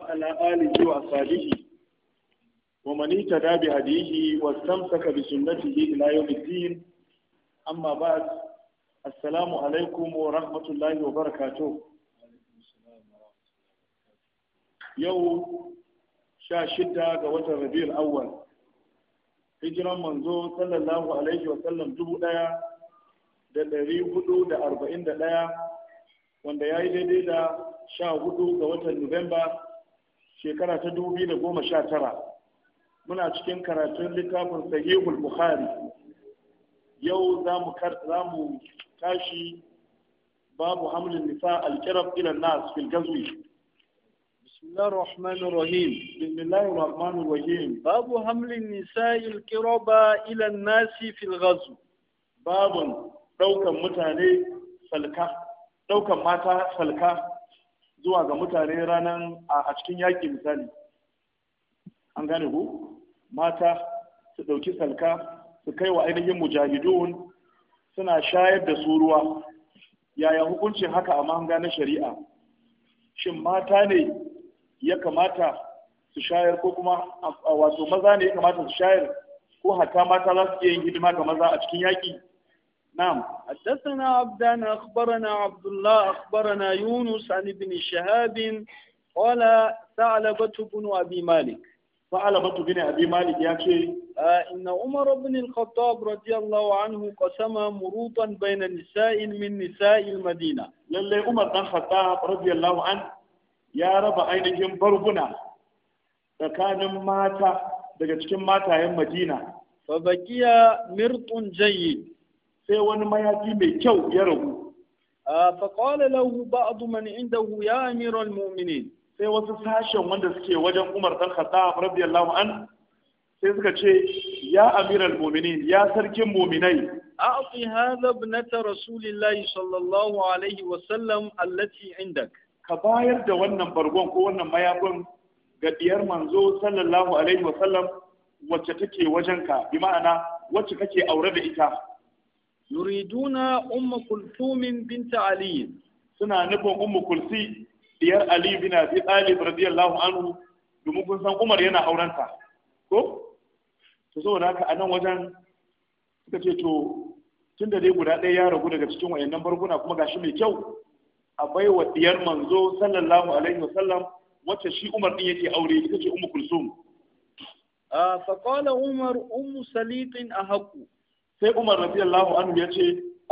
وعلى آله وأصحابه ومن اهتدى بهديه واستمسك بسنته إلى يوم الدين أما بعد السلام عليكم ورحمة الله وبركاته يوم sha shida ga watan rabiul awwal hijiran manzo sallallahu alaihi wa sallam dubu daya da dari hudu da arba'in da daya wanda ya yi daidai da sha hudu ga watan nuwamba shekara ta dubi goma sha tara. muna cikin karatun littafin sahihul bukhari yau za mu tashi babu hamlin nisa alkirab ilan nas fil gazwi bismillahir rahmanir rahim bismillahir rahmanir rahim babu hamlin nisa ba ilan nas fil gazu. babun daukan mutane salka daukan mata salka zuwa ga mutane ranar a cikin yaƙi misali an gane ku mata su ɗauki salka su kai wa ainihin mujahidun suna shayar da su ruwa yaya hukuncin haka a mahanga na shari'a shin mata ne ya kamata su shayar ko kuma a wato maza ne ya kamata su shayar ko hata mata za su iya yin hidima ga maza a cikin yaƙi نعم حدثنا عبدان أخبرنا عبد الله أخبرنا يونس عن ابن شهاب قال ثعلبة بن أبي مالك ثعلبة بن أبي مالك يا شيخ آه إن عمر بن الخطاب رضي الله عنه قسم مروطا بين نساء من نساء المدينة للي عمر بن الخطاب رضي الله عنه يا رب أين بربنا tsakanin mata daga cikin matayen Madina. Fabakiya mirtun jayyid sai wani mayafi mai kyau ya rabu faqala lahu ba'd man indahu ya amiral mu'minin sai wasu sashen wanda suke wajen Umar dan Khattab radiyallahu an sai suka ce ya amiral mu'minin ya sarkin mu'minai a'ti hadha ibnata rasulillahi sallallahu alaihi wa sallam allati indak ka bayar da wannan bargon ko wannan mayafin ga diyar manzo sallallahu alaihi wa sallam wacce take wajenka bi ma'ana wacce kake aure da ita yuriduna ummu kulthum bint ali suna nufin ummu kulsi diyar ali bin abi talib radiyallahu anhu domin kun san umar yana aurenta ko to saboda haka a nan wajen suka ce to tunda dai guda ɗaya ya ragu daga cikin wayannan barkuna, kuma gashi mai kyau a baiwa diyar manzo sallallahu alaihi wasallam wacce shi umar din yake aure ita ce ummu kulsum ah, fa qala umar ummu saliqin ahaqu sai umar radiyallahu anhu ya ce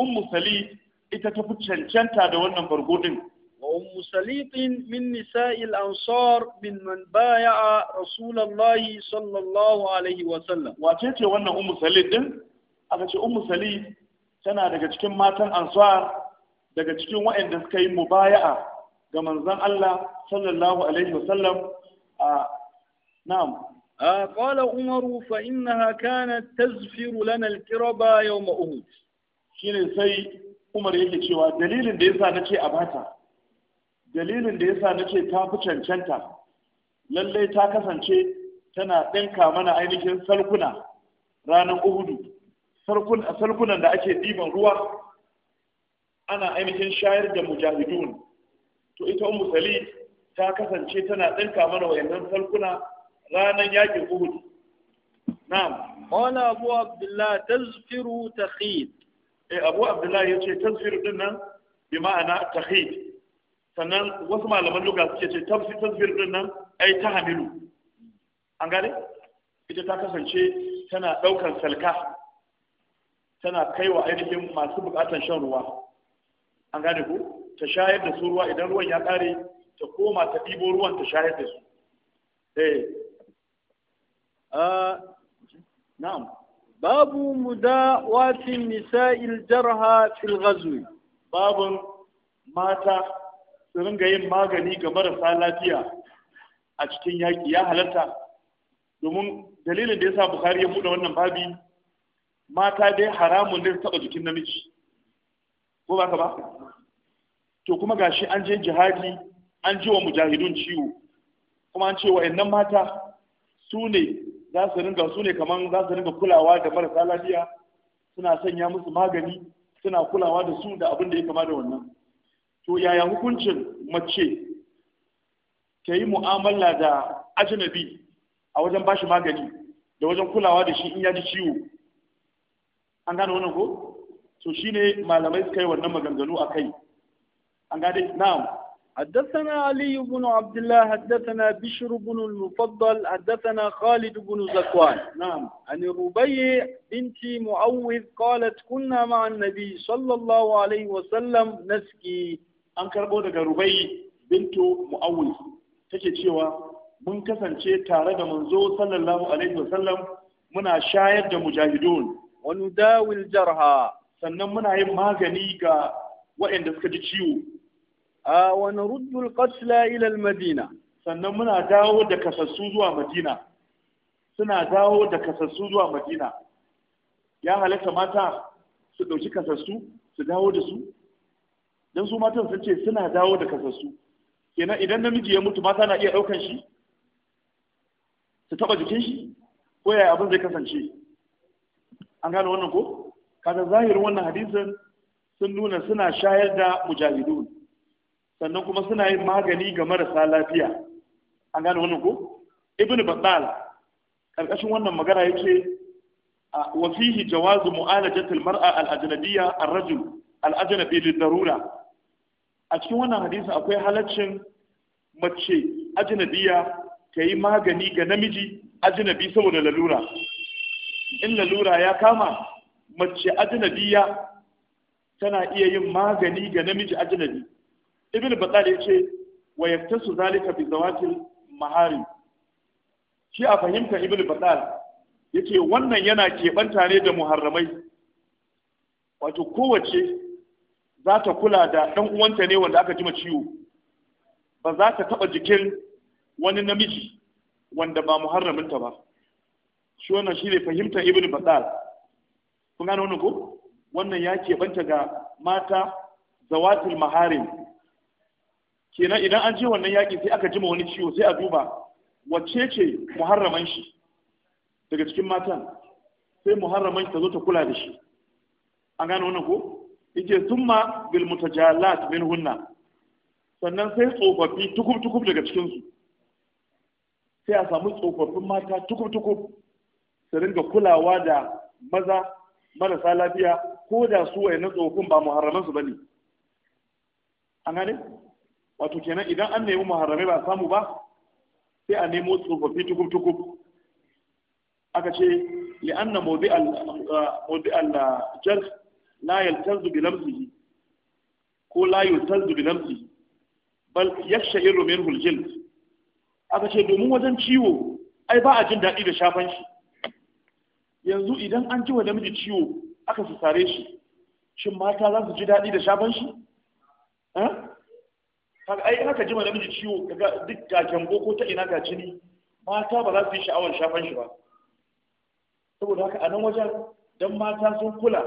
ummu sali ita ta fi cancanta da wannan bargo din wa ummu salitin min nisa'il ansar min man baya'a rasulullahi sallallahu alaihi wa sallam wace ce wannan ummu salit din aka ce ummu salit tana daga cikin matan ansar daga cikin waɗanda suka yi mubaya'a ga manzon Allah sallallahu alaihi wa sallam a ah, na'am قال عمر فإنها كانت تزفر لنا الكربا يوم أهود shine sai Umar yake cewa dalilin da yasa nace a bata dalilin da yasa nace ta fi cancanta lallai ta kasance tana ɗinka mana ainihin salkuna ranar Uhudu salkunan da ake ɗiban ruwa ana ainihin shayar da mujahidun to ita Ummu ta kasance tana ɗinka mana wayannan salkuna ranar yakin Uhud na'am qala abu abdullah tazfiru takhid eh abu abdullah yace tazfiru din nan bi ma'ana takhid sannan wasu malaman lugha suke ce tafsi tazfiru din nan ai Hamilu. an gane ita ta kasance tana ɗaukar salka tana kaiwa ainihin masu bukatan shan ruwa an gane ku ta shayar da su ruwa idan ruwan ya kare ta koma ta ɗibo ruwan ta shayar da su eh نعم باب مداوات النساء jarha fil الغزو باب mata su ringa yin magani ga marasa lafiya a cikin yaƙi ya halarta, domin dalilin da ya sa Bukhari ya buɗe wannan babi mata dai haramun ne taɓa jikin namiji ko ba ka ba to kuma gashi an je jihadi an ji wa mujahidun ciwo kuma an ce wa'annan mata su ne za su ringa su ne kamar za su ringa kulawa da marasa lafiya suna sanya musu magani suna kulawa da su da abin da ya kama da wannan to yaya hukuncin mace ta yi mu'amala da ajinabi a wajen bashi magani da wajen kulawa da shi in ya ji ciwo an gane wannan ko to shine malamai suka yi wannan maganganu a kai an gane na'am حدثنا علي بن عبد الله حدثنا بشر بن المفضل حدثنا خالد بن زكوان نعم عن الربيع بنت معوذ قالت كنا مع النبي صلى الله عليه وسلم نسكي an karbo daga rubai bintu mu'awul take cewa mun kasance tare da manzo sallallahu alaihi wasallam muna shayar da mujahidun wa nudawil jarha sannan muna yin magani ga waɗanda suka ji ciwo wa naruddu al-qatla ila al-madina sannan muna dawo da kasassu zuwa madina suna dawo da kasassu zuwa madina ya halatta mata su ɗauki kasassu su dawo da su don su matan sun ce suna dawo da kasassu kenan idan namiji ya mutu mata na iya ɗaukan shi su taɓa jikin shi ko yaya abin zai kasance an gane wannan ko kada zahirin wannan hadisin sun nuna suna shayar da mujahidun sannan kuma suna yin magani ga marasa lafiya an gane wannan ko ibn battal karkashin wannan magana yake wa fihi jawazu mu'alajati al-mar'a al-ajnabiyya ar-rajul al-ajnabi lid-darura a cikin wannan hadisi akwai halaccin mace ajnabiya ta yi magani ga namiji ajnabi saboda lalura in lalura ya kama mace ajnabiya tana iya yin magani ga namiji ajnabi ibn batal ya ce wa yaktasu zalika bi zawatil mahari shi a fahimta ibn batal yace wannan yana keɓanta ne da muharramai wato kowace za ta kula da ɗan uwanta ne wanda aka jima ciwo ba za ta taɓa jikin wani namiji wanda ba muharraminta ba shi wannan shi ne fahimtar ibn batal kun gane wannan ko wannan ya keɓanta ga mata zawatul maharin kenan idan an je wannan yaƙi sai aka jima wani ciwo sai a duba wacce ce muharraman shi daga cikin matan sai muharraman shi ta zo ta kula da shi an gane wannan ko yake summa bil mutajalat min hunna sannan sai tsofaffi tukub tukub daga cikin su sai a samu tsofaffin mata tukub tukub su ringa kulawa da maza marasa lafiya ko da su wayannan tsofaffin ba muharraman su bane an gane wato kenan idan an nemi muharrami ba samu ba sai a nemo tsofaffi tukub tukub aka ce anna mawdi al ah, jarh la yaltazu bi lamzihi ko la yaltazu bi lamsihi bal yashairu minhu al-jild aka ce domin wajen ciwo ai ba a jin daɗi da shafan shi yanzu idan an ji wa namiji ciwo aka su sare shi shin mata za su ji daɗi da shafan shi eh kaga ai haka jima namiji ciwo kaga duk gaken boko ta ina ga jini mata ba za su yi sha'awar shafan shi ba saboda haka a nan wajen dan mata sun kula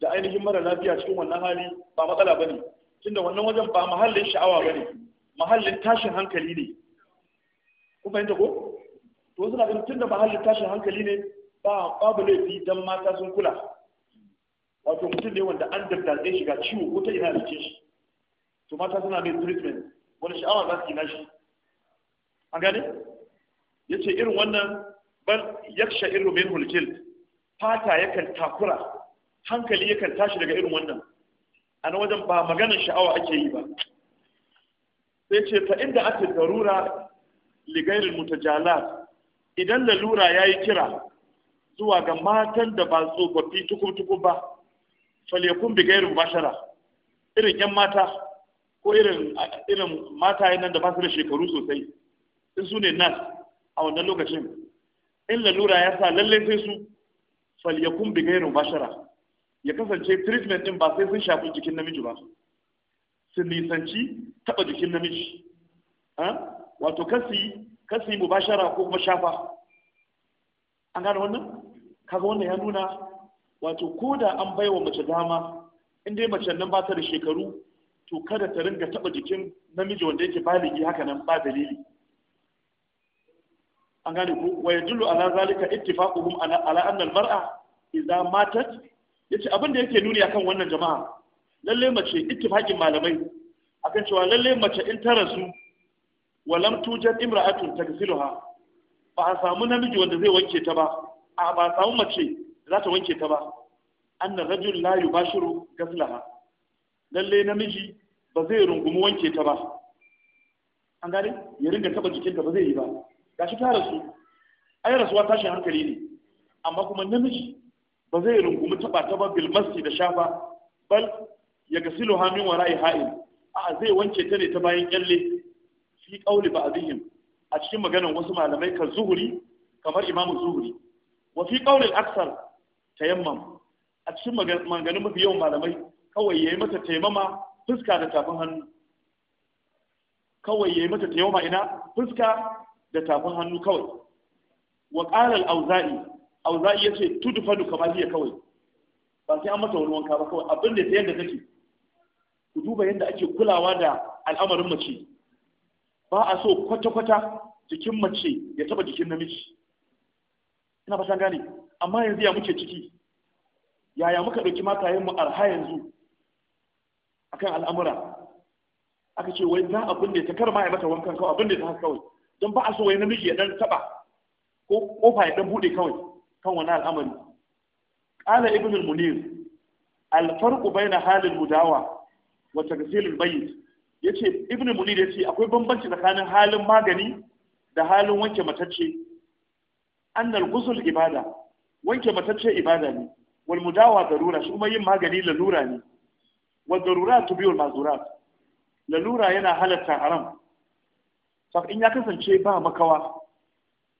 da ainihin mara lafiya cikin wannan hali ba matsala ba ne. tunda wannan wajen ba mahallin sha'awa ba ne, mahallin tashin hankali ne ku fahimta ko to suna ganin tunda mahallin tashin hankali ne ba babu laifi dan mata sun kula wato mutum ne wanda an dabdace shi ga ciwo ko ta ina da shi su mata suna mai treatment wani sha'awa za su yi nashi an gane ya ce irin wannan ban yaksha irin min hulkil fata yakan takura hankali yakan tashi daga irin wannan a na wajen ba maganin sha'awa ake yi ba sai ce ta inda ake darura ligairin mutajala idan lalura ya yi kira zuwa ga matan da ba tsofaffi tukum ba falekun bigairin bashara irin 'yan mata ko irin irin mataye nan da ba su da shekaru sosai in su ne nas a wannan lokacin in lalura ya sa lallai sai su falyakun bi gairu bashara ya kasance treatment din ba sai sun shafi jikin namiji ba su nisanci taba jikin namiji wato kasi kasi bashara ko kuma shafa an gane wannan kaga wannan ya nuna wato ko da an baiwa mace dama in dai mace nan ba ta da shekaru to kada ta ringa taɓa jikin namiji wanda yake baligi haka nan ba dalili an gane ko wa yadullu ala zalika ittifaquhum ala ala anna al mar'a idza matat yace abin da yake nuni akan wannan jama'a lalle mace ittifaqin malamai akan cewa lalle mace in ta rasu wa lam tujad imra'atun tagsiluha ba a samu namiji wanda zai wanke ta ba a ba samu mace za ta wanke ta ba anna rajul la yubashiru gazlaha Lallai namiji ba zai rungumi wanke ta ba an gane ya ringa taba jikinta ba zai yi ba Ga shi ta rasu ai rasuwa tashin hankali ne amma kuma namiji ba zai rungumi taba ta ba bil da shafa bal ya gasilu hamin wa ra'i ha'il a zai wanke ta ne ta bayan kyalle fi qauli ba'dihim a cikin maganar wasu malamai kan zuhuri kamar imamu zuhuri wa fi qauli al-aksar tayammam a cikin maganganun mafi yawan malamai kawai ya yi mata taimama fuska da tafin hannu kawai ya yi mata taimama ina fuska da tafin hannu kawai wa ƙarar auza'i auza'i ya ce tudu fadu kamar hiya kawai ba sai an mata wani wanka ba kawai abin da ta yadda take ku duba yadda ake kulawa da al'amarin mace ba a so kwata-kwata jikin mace ya taba jikin namiji ina san gane amma yanzu ya muke ciki yaya muka ɗauki matayen mu arha yanzu akan al'amura aka ce wai za abin da ta kar ma ya mata wankan kawai abin ta haka kawai don ba a so wai namiji ya dan taba ko kofa ya dan bude kawai kan wani al'amari qala ibn al-munir al-farq bayna hal al-mudawa wa taghsil al-bayt yace ibn al-munir yace akwai bambanci tsakanin halin magani da halin wanke matacce annal ghusl ibada wanke matacce ibada ne wal mudawa darura shi kuma yin magani lalura ne wa darura tubiyul mazura, lalura yana halatta haram sak in ya kasance ba makawa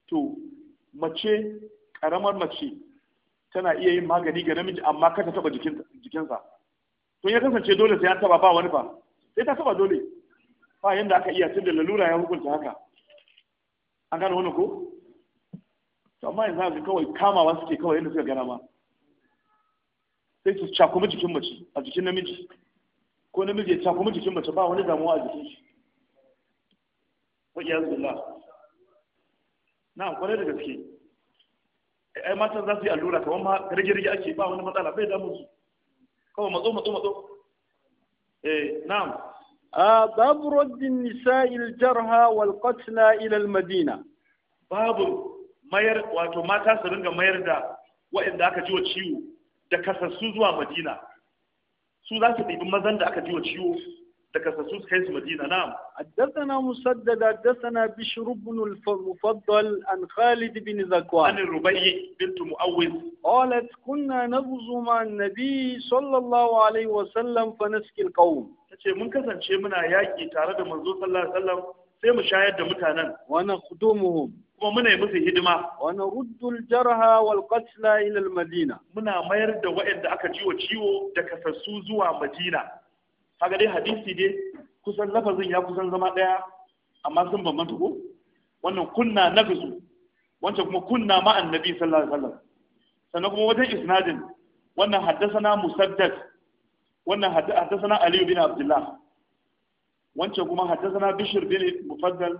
to mace karamar mace tana iya yin magani ga namiji amma ka ta taba jikinsa to ya kasance dole sai ya taba ba wani ba sai ta taba dole ba yanda aka iya tunda lalura ya hukunta haka an gane wani ko to amma yanzu haka kawai kamawa suke kawai yadda suka gana ma sai su cakumi jikin mace a jikin namiji ko namiji ya cakumi jikin mace ba wani damuwa a jikin shi wa iya zuwa na kwanar da gaske ai matan za su yi allura kamar ma rage-rage ake ba wani matsala bai damu su kawai matso matso matso eh na'am باب رد النساء الجرحى والقتلى الى madina Babu mayar wato mata su ringa mayar da waɗanda aka ji wa ciwo da kasassu zuwa madina su za su ɗibi mazan da aka ji wa ciwo da kasassu su kai su madina na'am haddathana musaddad haddathana bishr ibn al-mufaddal an khalid bin zakwan an rubai bint muawiz qalat kunna nabzu ma an-nabi sallallahu alaihi wa sallam fa naski al-qawm tace mun kasance muna yaki tare da manzo sallallahu alaihi wasallam sai mu shayar da mutanen wa nakhdumuhum kuma muna yi musu hidima wa naruddu jarha wal qatla ila madina muna mayar da waɗanda aka ciwo ciwo da kasassu zuwa madina kaga dai hadisi dai kusan lafazin ya kusan zama ɗaya, amma sun bambanta ko wannan kunna na nagzu wancan kuma kunna ma annabi sallallahu alaihi wasallam sannan kuma wajen isnadin wannan haddasana musaddad wannan haddasana aliyu bin abdullah wancan kuma haddasana bishir bin mufaddal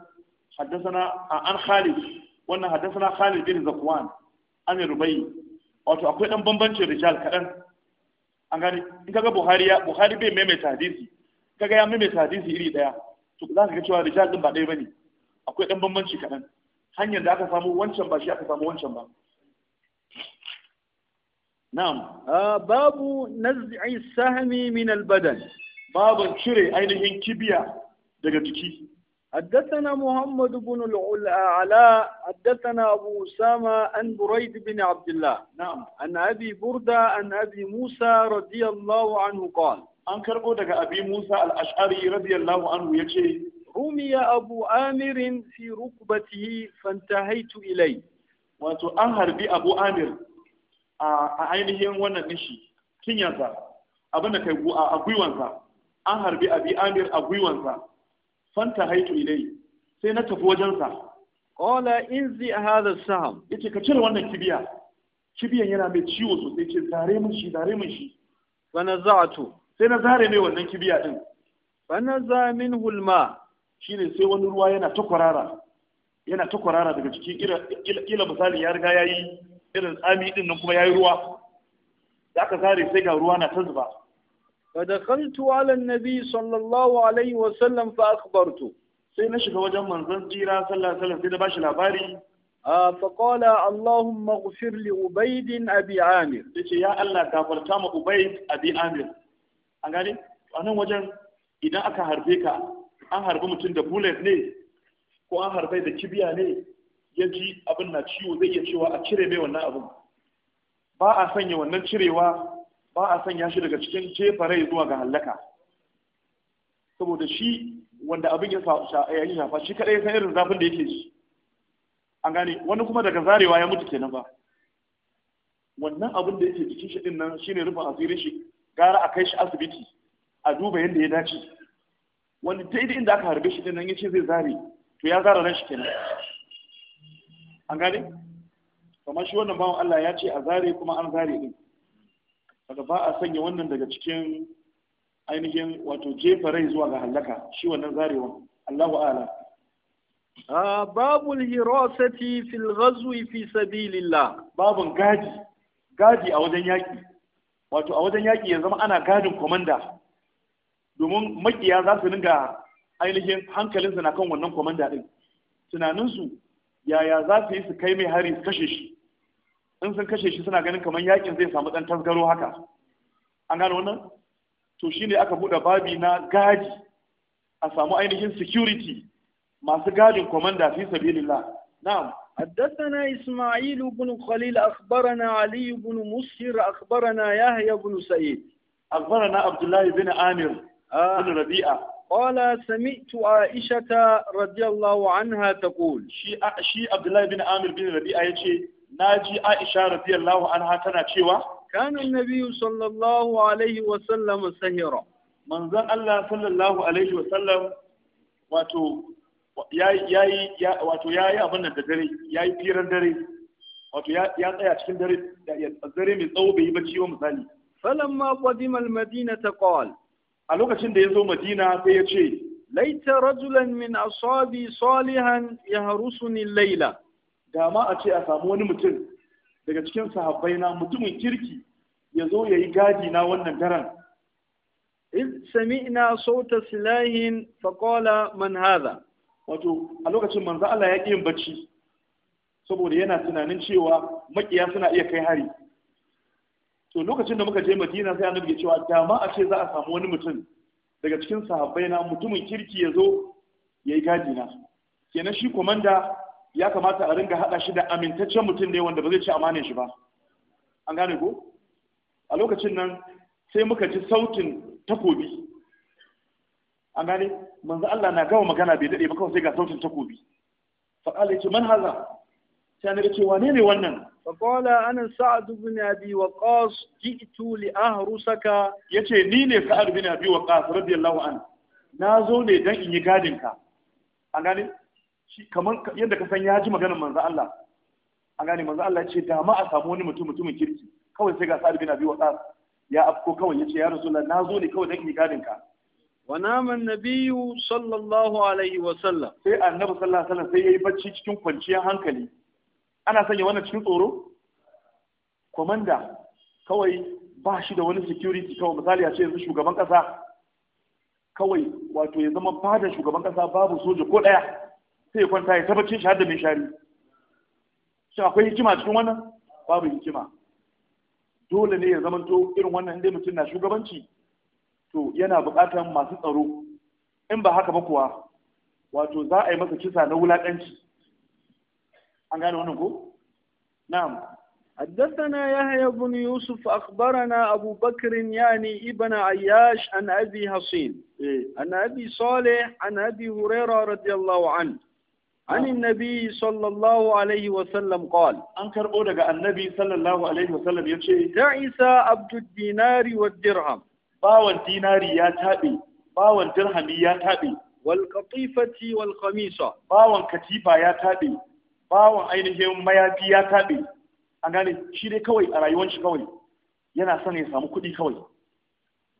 haddasana an Khalid wannan haddasana Khalid bin Zakwan an Rubai wato akwai dan bambancin rijal kaɗan. an gani in kaga Buhari ya Buhari bai maimaita hadisi kaga ya maimaita hadisi iri daya to za ka ga cewa rijal din ba ɗaya bane akwai dan bambanci kaɗan. hanyar da aka samu wancan ba shi aka samu wancan ba na'am babu naz'i sahmi min albadan. badan babu cire ainihin kibiya daga jiki حدثنا محمد بن العلاء حدثنا أبو أسامة عن بريد بن عبد الله نعم عن أبي بردة عن أبي موسى رضي الله عنه قال an karbo daga abi Musa al-Ash'ari radiyallahu anhu yace rumiya Abu Amir fi rukbatihi fantahaitu ilai wato an harbi Abu Amir a ainihin wannan nishi kinyansa abin da kai a gwiwansa an harbi Amir a fanta haitu ilai sai na tafi wajensa qala inzi hada saham yace ka cire wannan kibiya kibiyan yana mai ciwo sosai ce zare min shi zare min shi a to. sai na zare mai wannan kibiya din fa za min alma shine sai wani ruwa yana ta kwarara yana ta daga cikin kila misali ya riga yayi irin tsami din nan kuma yayi ruwa da aka zare sai ga ruwa na ta zuba فدخلت على النبي صلى الله عليه وسلم فأخبرته sai na shiga wajen manzon jira sallallahu alaihi wasallam sai da bashi labari فقال اللهم اغفر لعبيد ابي عامر yace ya Allah gafarta ma Ubayd abi Amir an gane anan wajen idan aka harbe ka an harbi mutum da bullet ne ko an harbe da kibiya ne ya ji abin na ciwo zai iya cewa a cire mai wannan abin ba a sanya wannan cirewa ba a sanya shi daga cikin jefarai zuwa ga hallaka saboda shi wanda abin ya shafa shi kadai san irin zafin da yake ji an gane wani kuma daga zarewa ya mutu kenan ba wannan abin da yake jikin shi din nan shine rufin asirin shi gara a kai shi asibiti a duba yadda ya dace wani ta daidai inda aka harbe shi din nan yace zai zare to ya zara ran shi kenan an gane kamar shi wannan bawan Allah ya ce a zare kuma an zare din daga ba a sanya wannan daga cikin ainihin wato jefa rai zuwa ga hallaka shi wannan zarewa Allahu a'ala babul hirasati fil ghazwi fi sabilillah babun gaji gaji a wajen yaki wato a wajen yaki ya zama ana gadin komanda domin makiya za su ringa ainihin hankalinsu na kan wannan komanda din tunaninsu yaya za su yi su kai mai hari su kashe shi in sun kashe shi suna ganin kamar yakin zai samu dan tasgaro haka an gano wannan to shine aka buɗe babi na gaji a samu ainihin security masu gadin komanda fi sabilillah na'am حدثنا إسماعيل بن خليل أخبرنا علي بن مسهر أخبرنا يحيى بن سعيد أخبرنا عبد الله بن عامر بن ربيعة قال سمعت عائشة رضي الله عنها تقول شي عبد الله بن عامر بن ربيعة يشي naji Aisha radiyallahu anha tana cewa kana annabi sallallahu alaihi wa sallam sahira manzon Allah sallallahu alaihi wa sallam wato yayi wato yayi abin da dare yayi firan dare wato ya tsaya cikin dare da dare mai tsawo bai yi bacci ba misali falamma qadima al-madina qala a lokacin da ya zo madina sai ya ce laita rajulan min asabi salihan yahrusuni al-laila da a ce a samu wani mutum daga cikin sahabbai na mutumin kirki ya zo ya yi gadi na wannan daren in ina sauta silahin faƙola man haza wato a lokacin manzo Allah ya ƙi yin bacci saboda yana tunanin cewa makiya suna iya kai hari to lokacin da muka je madina sai annabi ya cewa da ma a ce za a samu wani mutum daga cikin sahabbai na mutumin kirki ya zo ya yi gadi na kenan shi komanda ya kamata a ringa haɗa shi da amintaccen mutum ne wanda ba zai ci amanin shi ba an gane ko a lokacin nan sai muka ji sautin takobi an gane manzo Allah na gawa magana bai dade ba kawai sai ga sautin takobi fa ya ce man haza sai ne ce wane ne wannan fa qala ana sa'ad ibn abi waqas ji'tu li ahrusaka yace ni ne sa'ad ibn abi waqas radiyallahu an na zo ne dan in yi gadin ka an gane kamar yadda ka san ya ji maganar manzo Allah a gane manzo Allah ce da ma a samu wani mutum mutumin kirki kawai sai ga Sa'ad bin Abi Waqqas ya afko kawai yace ya Rasulullah na zo ne kawai dan yi gadin ka wa naman nabiyyu sallallahu alaihi wa sallam sai annabi sallallahu alaihi wasallam sai yayi bacci cikin kwanciyar hankali ana sanya wannan cikin tsoro komanda kawai ba shi da wani security kawai misali a ce yanzu shugaban kasa kawai wato ya zama fadar shugaban kasa babu soja ko daya sai kwanta ya tabbacin shi har da mai shari shin akwai hikima cikin wannan babu hikima dole ne ya zamanto irin wannan inda mutum na shugabanci to yana buƙatar masu tsaro in ba haka ba kuwa wato za a yi masa kisa na wulaƙanci an gane wannan ko na'am حدثنا يحيى بن يوسف أخبرنا أبو بكر يعني ابن عياش عن أبي حصين عن أبي صالح عن أبي هريرة رضي الله عنه عن النبي صلى الله عليه وسلم قال كربو أودك النبي صلى الله عليه وسلم يبشي تعيسى عبد الدينار والدرهم باوان ديناري يا تابي باوان درهمي يا تابي والقطيفة والقميصة باوان كتيبة يا تابي باوان أينهم mayafi ya taɓe. an gane shi dai kawai a rayuwar shi kawai yana son ya samu kuɗi kawai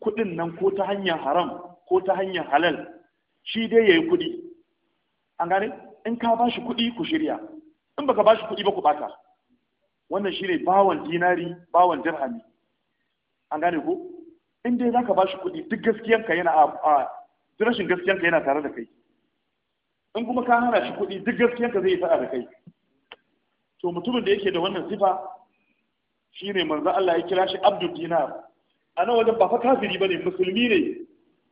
kuɗin nan ko ta hanyar haram ko ta hanyar halal shi dai yayi kuɗi an gane in ka ba shi kuɗi ku shirya in baka ba shi kuɗi ba ku ɓata wannan shi ne bawan dinari bawan dirhami an gane ko in dai za ka ba shi kuɗi duk gaskiyanka yana a rashin gaskiyanka yana tare da kai in kuma ka hana shi kuɗi duk gaskiyanka zai yi faɗa da kai to mutumin da yake da wannan sifa shi ne manzo Allah ya kira shi abdul dinar a nan wajen ba fa kafiri ne, musulmi ne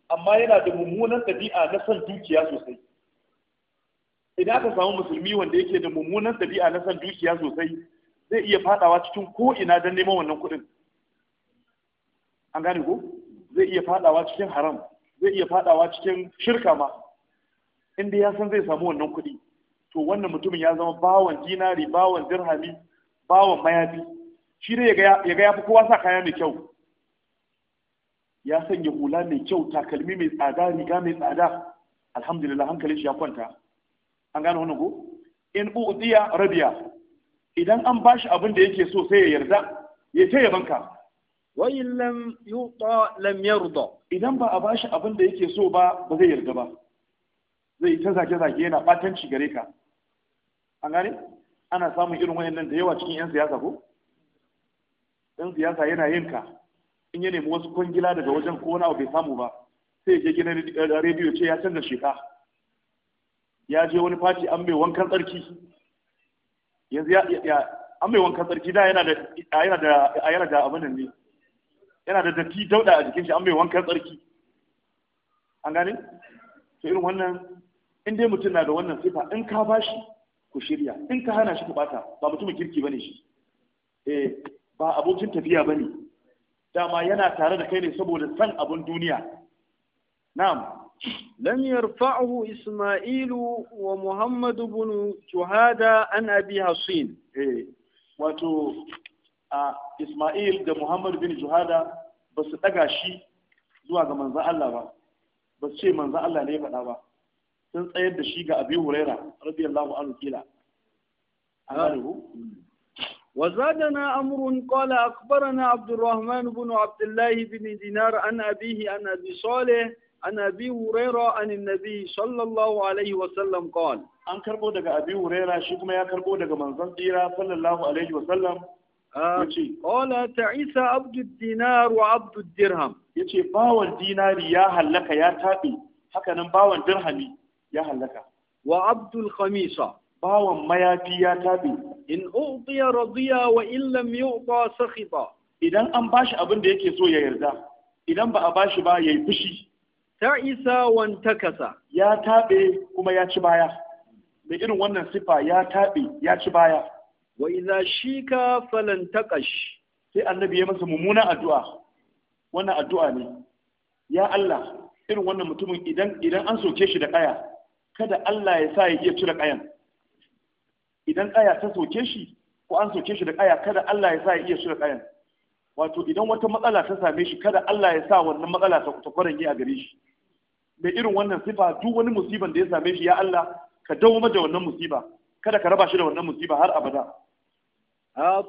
amma yana da mummunan ɗabi'a na son dukiya sosai idan aka samu musulmi wanda yake da mummunan ɗabi'a na san dukiya sosai zai iya fadawa cikin ko ina don neman wannan kuɗin an gane ko zai iya fadawa cikin haram zai iya fadawa cikin shirka ma inda ya san zai samu wannan kuɗi to wannan mutumin ya zama bawan dinari bawan dirhami bawan mayafi shi dai ya ga ya fi kowa sa kaya mai kyau ya sanya hula mai kyau takalmi mai tsada riga mai tsada alhamdulillah hankalin shi ya kwanta an gano wannan ko in udiya rabiya idan an bashi abin da yake so sai ya yarda ya ce ya banka wa lam yuta lam yarda idan ba a bashi abin da yake so ba ba zai yarda ba zai ta zage zage yana batanci gare ka an gane ana samun irin wayannan da yawa cikin yan siyasa ko yan siyasa yana yin ka in ya nemi wasu kwangila daga wajen ko wani abu bai samu ba sai ya je gidan rediyo ce ya canza shekara ya je wani fati an mai wankan tsarki yanzu ya an mai wankan tsarki da yana da yana da yana da abin ne yana da datti dauda a jikin shi an mai wankan tsarki an gane to irin wannan in dai mutum na da wannan sifa in ka bashi ku shirya in ka hana shi ku bata ba mutumin kirki bane shi eh ba abokin tafiya bane dama yana tare da kai ne saboda san abin duniya na'am لم يرفعه إسماعيل ومحمد بن جهادة عن أبي حصين واتو إسماعيل ده محمد بن جهادة بس تقاشي zuwa ga manzan Allah ba ba ce manzan Allah ne ya faɗa ba sun tsayar da shi ga abi huraira radiyallahu anhu kila وزادنا أمر قال أخبرنا عبد الرحمن بن عبد الله بن دينار عن أبيه عن أبي صالح عن أبي هريرة عن النبي صلى الله عليه وسلم قال أن كربو دقى أبي هريرة شكما يا كربو دقى منزل صلى الله عليه وسلم قال تعيسى عبد الدينار وعبد الدرهم يتي باوان ديناري يا هلك يا تابي haka nan bawan dirhami ya hallaka wa abdul khamisa bawan mayafi ya tabe in uqiya radiya wa in lam yu'ta sakhita idan an bashi abin da yake so ya yarda idan ba a bashi ba yayi fushi ta isa wantakasa ya taɓe kuma ya ci baya mai irin wannan sifa ya taɓe ya ci baya wa iza ka falan ƙashi. sai annabi ya masa mummuna addu'a wannan addu'a ne ya Allah irin wannan mutumin idan idan an soke shi da ƙaya kada Allah ya sa ya iya cire ƙayan. idan ƙaya ta soke shi ko an soke shi da ƙaya kada Allah ya sa ya iya cire ƙayan? wato idan wata matsala ta same shi kada Allah ya sa wannan matsala ta kwarange a gare shi mai irin wannan sifa duk wani musiban da ya same shi ya Allah ka dawo da wannan musiba kada ka raba shi da wannan musiba har abada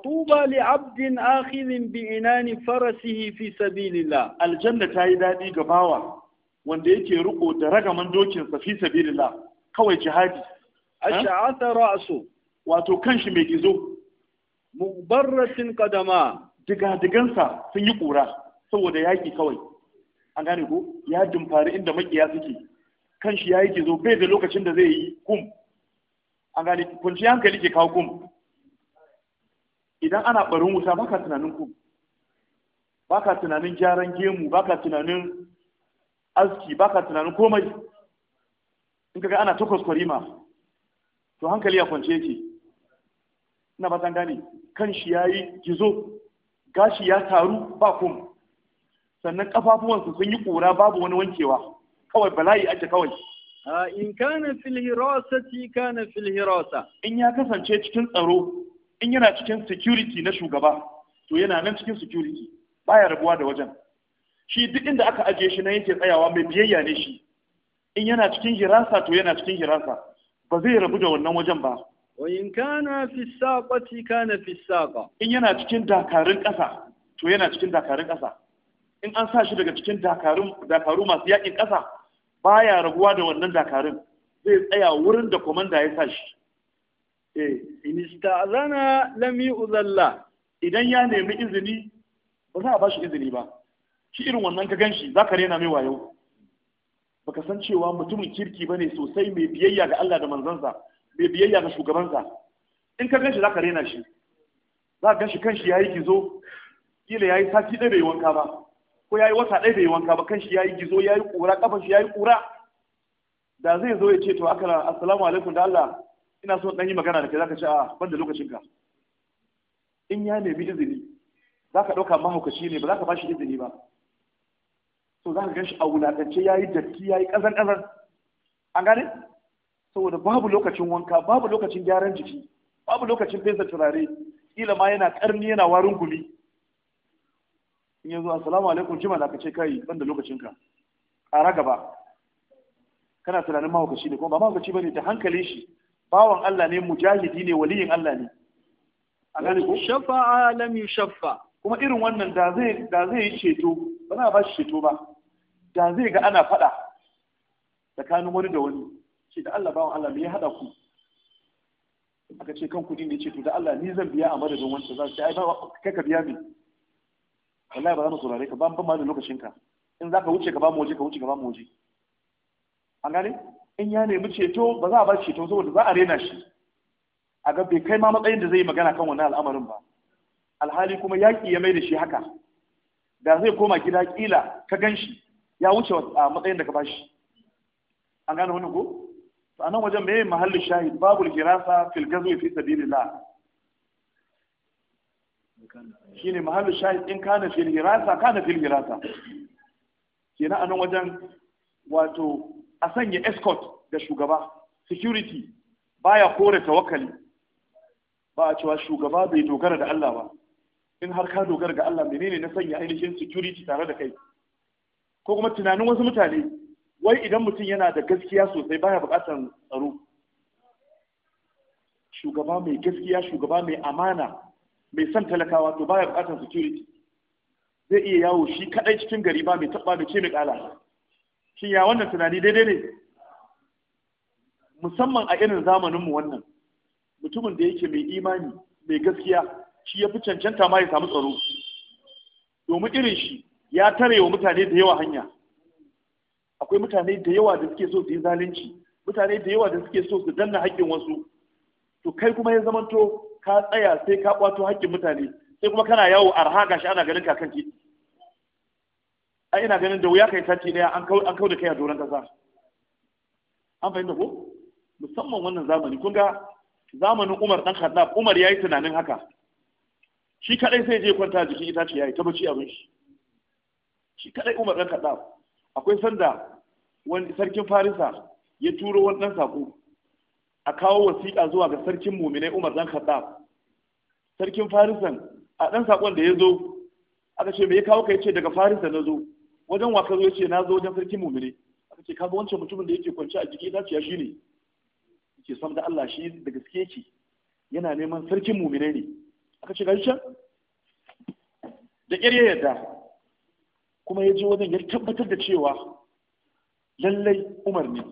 طوبى لعبد آخذ بإنان فرسه في سبيل الله الجنة تاي دادي غباوة wanda yake riko da ragaman dokinsa fi sabilillah kawai jihadi ash'atha ra'su wato kanshi mai gizo mubarratin qadama diga digansa sun yi kura saboda yaƙi kawai an gane ko ya jumfari inda makiya suke kan shi ya yi ke zo bai da lokacin da zai yi kum an gane kunci hankali ke kawo kum idan ana barin wuta baka tunanin kum baka tunanin gyaran gemu baka tunanin aski baka tunanin komai in kaga ana takwas kwarima to hankali ya kwance yake ina ba gane kan shi ya yi gizo gashi ya taru ba kum sannan kafafuwansu sun yi kura babu wani wankewa kawai bala'i ake kawai in kana fil ti kana fil hirasa in ya kasance cikin tsaro in yana cikin security na shugaba to yana nan cikin security baya rabuwa da wajen shi duk inda aka ajiye shi na yake tsayawa mai biyayya ne shi in yana cikin hirasa to yana cikin hirasa ba zai rabu da wannan wajen ba wa in kana fi saqati kana fi saqa in yana cikin dakarun ƙasa to yana cikin dakarun ƙasa in an sa shi daga cikin dakaru masu yakin ƙasa baya raguwa da wannan dakarun zai tsaya wurin da komanda ya sa shi Minista eh, zana lami uzalla idan ya nemi izini ba za a bashi izini ba shi irin wannan ka ganshi ka rena mai wayo baka san cewa mutumin kirki bane sosai mai biyayya ga Allah da manzansa mai biyayya ga shugabansa in ka ganshi ka rena shi za ka ganshi ya yi gizo kila ya yi sati ɗaya bai wanka ba ko ya yi wata ɗaya bai wanka ba kan shi ya yi gizo ya yi ƙura ƙafan shi ya yi ƙura da zai zo ya ce to akala assalamu alaikum da Allah ina so ɗan yi magana da kai zaka ce a ah, ban da lokacinka in ya nemi izini za ka ɗauka mahaukaci ne ba za ka ba shi izini ba so za ka gan shi a wulaƙance ya yi datti ya yi ƙazan ƙazan an gane saboda babu lokacin wanka babu lokacin gyaran jiki babu lokacin fesa turare kila ma yana ƙarni yana warin gumi in yanzu assalamu alaikum jima da ka ce kai banda lokacinka ƙara gaba kana tunanin mahaukaci ne kuma ba mahaukaci ba ne da hankali shi bawan Allah ne mujahidi ne waliyin Allah ne a gane ko Shaffa lam yushaffa kuma irin wannan da zai da zai yi ceto ba na ba shi ceto ba da zai ga ana faɗa tsakanin wani da wani ce da Allah bawan Allah me ya hada ku aka ce kan kuɗi ne ce to da Allah ni zan biya a madadin wancan za su ce ai ba kai ka biya min wallahi ba za mu saurare ka ba mu ba da lokacin ka in za ka wuce ka ba mu waje ka wuce ka ba mu waje an gane in ya nemi ceto ba za a ba ceto saboda za a rena shi a ga bai kai ma matsayin da zai yi magana kan wannan al'amarin ba alhali kuma yaƙi ya mai da shi haka da zai koma gida ƙila ka gan shi ya wuce a matsayin da ka ba shi an gane wani ko a nan wajen mai mahallin shahid babu girasa fil gazwi fi sabilillah shine mahallu shahid in kana fil hirasa kana fil hirasa kenan anan wajen wato a sanya escort da shugaba security baya kore tawakkali ba a cewa shugaba bai dogara da Allah ba in har ka dogara ga Allah menene na sanya ainihin security tare da kai ko kuma tunanin wasu mutane wai idan mutum yana da gaskiya sosai baya buƙatar tsaro shugaba mai gaskiya shugaba mai amana mai son talakawa to baya bukatar security zai iya yawo shi kadai cikin gari ba mai taba mai ce mai kala shin ya wannan tunani daidai ne musamman a irin zamanin mu wannan mutumin da yake mai imani mai gaskiya shi ya fi cancanta ma ya samu tsaro domin irin shi ya tare wa mutane da yawa hanya akwai mutane da yawa da suke so su yi zalunci mutane da yawa da suke so su danna haƙƙin wasu to kai kuma ya zamanto ka tsaya sai ka kwato haƙƙin mutane sai kuma kana yawo arha gashi ana ganin ka kan ai ina ganin da wuya kai sati daya an kau an kau da kai a doron kasa an fahimta ko musamman wannan zamani kun ga zamanin Umar dan Khattab Umar yayi tunanin haka shi kadai sai je kwanta jiki ita ce yayi ta baci abin shi shi kadai Umar dan Khattab akwai sanda wani sarkin Farisa ya turo wani dan sako a kawo wasiƙa zuwa ga sarkin muminai Umar dan Khattab sarkin Farisan a ɗan saƙon da ya zo aka ce me ya kawo ka ce daga Farisan na zo wajen wa ka zo ce na zo wajen sarkin muminai aka ce kaga wancan mutumin da yake kwance a jiki shi ne yake sam da Allah shi da gaske yake yana neman sarkin muminai ne aka ce gashi can da ƙyar ya yarda kuma ya je wajen ya tabbatar da cewa lallai Umar ne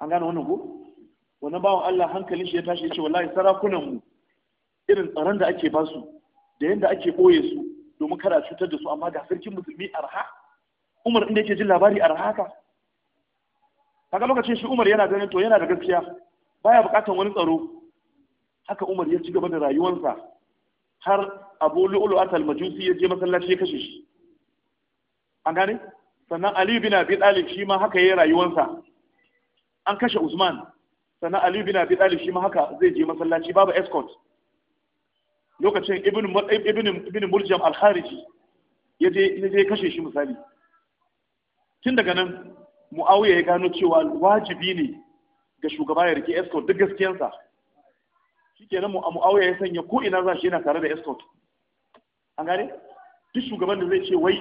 an gane wannan ko Wani bawan Allah hankalin shi ya tashi ya ce wallahi sarakunan mu irin tsaron da ake ba su da yadda ake boye su domin kada cutar da su amma ga sarkin musulmi arha Umar inda yake jin labari arha haka kaga lokacin shi Umar yana ganin to yana da gaskiya baya bukatar wani tsaro haka Umar ya ci gaba da rayuwarsa har Abu Lu'lu Atal Majusi ya je masallaci ya kashe shi an gane sannan Ali bin Abi Talib shi ma haka yayi rayuwarsa an kashe Usman sannan Ali bin Abi Talib shi ma haka zai je masallaci babu escort lokacin ibn ibn ibn Muljam al-Khariji ya je kashe shi misali tun daga nan Muawiya ya gano cewa wajibi ne ga shugaba ya rike escort duk gaskiyansa shikenan Muawiya ya sanya ko ina za shi yana tare da escort an gane duk shugaban da zai ce wai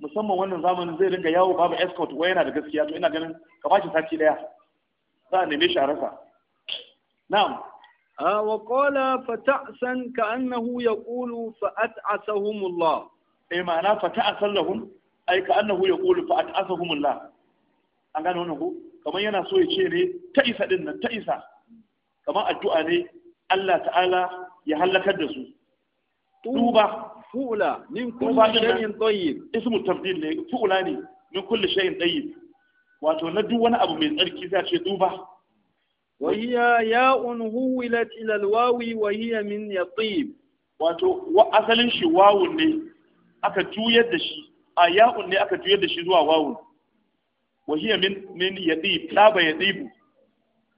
musamman wannan zamanin zai dinga yawo babu escort wai yana da gaskiya to ina ganin ka ba shi sati daya za a neme shi a rasa na'am وقال فتعسا كأنه يقول فأتعسهم الله إيه معنى فتعسا لهم أي كأنه يقول فأتعسهم الله an gane wannan ko kamar yana so ya ce ne ta isa din nan ta isa kamar addu'a ne Allah ta'ala ya halakar da su tuba fu'ula min kulli shay'in tayyib ismu tabdil ne fu'ula ne min kulli shay'in tayyib wato na duk wani abu mai tsarki za ce duba wahiya ya'un unhu wila alwawi wa hiya min yatib wato wa asalin shi wawun ne aka juyar da shi a ya'un ne aka juyar da shi zuwa wawun wa hiya min ɗaba ya daba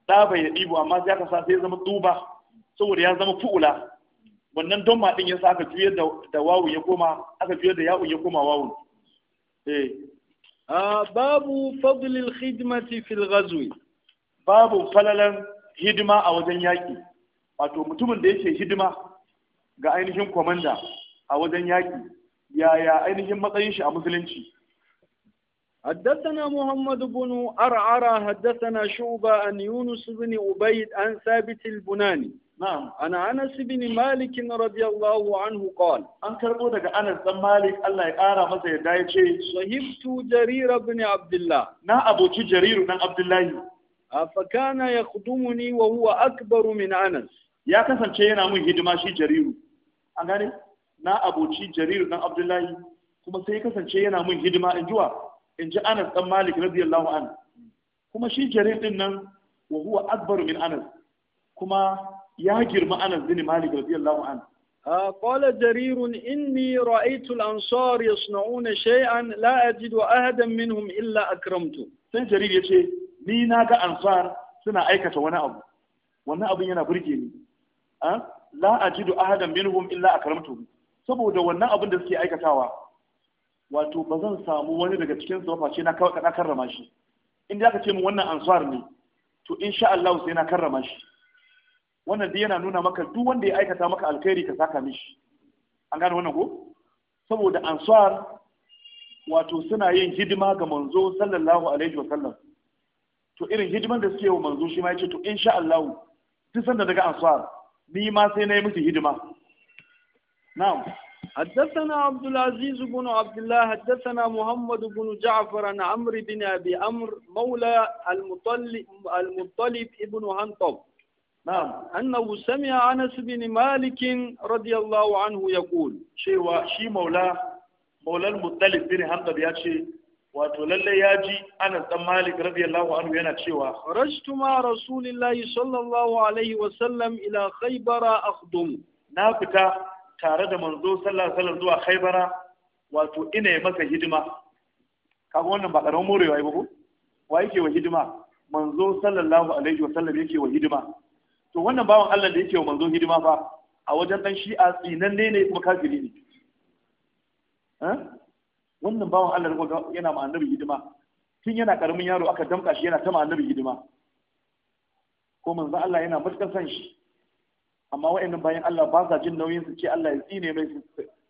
ɗaba ya yatibu amma sai aka sa sai zama duba saboda ya zama fu'ula wannan don ma din yasa aka juyar da wawun ya koma aka juyar da ya'un ya koma wawun eh babu fadlil khidmati fil ghazwi babu falalan hidima a wajen yaƙi, wato mutumin da yake hidima ga ainihin komanda a wajen yaƙi, yaya ainihin matsayin shi a musulunci حدثنا محمد بن أرعر حدثنا شعبة عن يونس بن عبيد عن ثابت البناني na'am ana anas bin malik radiyallahu anhu qala an karbo daga anas dan malik Allah ya kara masa ya ya ce sahibtu jarir ibn abdullah na abuci jarir dan abdullahi fa kana yakhdumuni wa huwa akbaru min anas ya kasance yana mun hidima shi jariru an gane na abuci jariru dan abdullahi kuma sai ya kasance yana mun hidima in jiwa in ji anas dan malik radiyallahu anhu kuma shi jarir din nan wa huwa akbar min anas kuma ya girma anas bin malik radiyallahu anhu قال جرير إني رأيت الأنصار يصنعون شيئا لا أجد أحدا منهم إلا أكرمته سن جرير يشي ni na ga ansar suna aikata wani abu wannan abin yana burge ni la ajidu ahadan minhum illa akramtu saboda wannan abin da suke aikatawa wato ba zan samu wani daga cikin su face na karrama shi in da aka ce mu wannan ansar ne to insha sai na karrama shi wannan duk yana nuna maka duk wanda ya aikata maka alkhairi ka saka mishi an gane wannan ko saboda ansar wato suna yin hidima ga manzo sallallahu alaihi wa sallam to irin hidiman da suke wa manzo shi ma yace to insha Allah duk sanda daga ansar ni ma sai na yi musu hidima na'am حدثنا عبد العزيز بن عبد الله حدثنا محمد بن جعفر عن عمرو بن ابي عمرو مولى المطلب المطلب ابن هنطب نعم أنه سمع أنس بن مالك رضي الله عنه يقول shi شي مولا مولا المطلب بن حمد ياتي wato lalle ya ji Anas dan Malik radiyallahu anhu yana cewa kharajtu ma rasulillahi sallallahu alaihi wa sallam ila khaybara akhdum na fita tare da manzo sallallahu alaihi zuwa khaybara wato ina yi masa hidima kaga wannan ba karamin morewa ba ko wa yake wa hidima manzo sallallahu alaihi wa sallam yake wa hidima to wannan bawan Allah da yake wa manzo hidima fa a wajen dan shi'a tsinan ne kuma kafiri ne wannan bawan Allah da kuma yana ma annabi hidima tun yana karamin yaro aka damka shi yana ta ma annabi hidima ko manzo Allah yana matukar san shi amma wa'annan bayan Allah ba sa jin nauyin su ce Allah ya tsine mai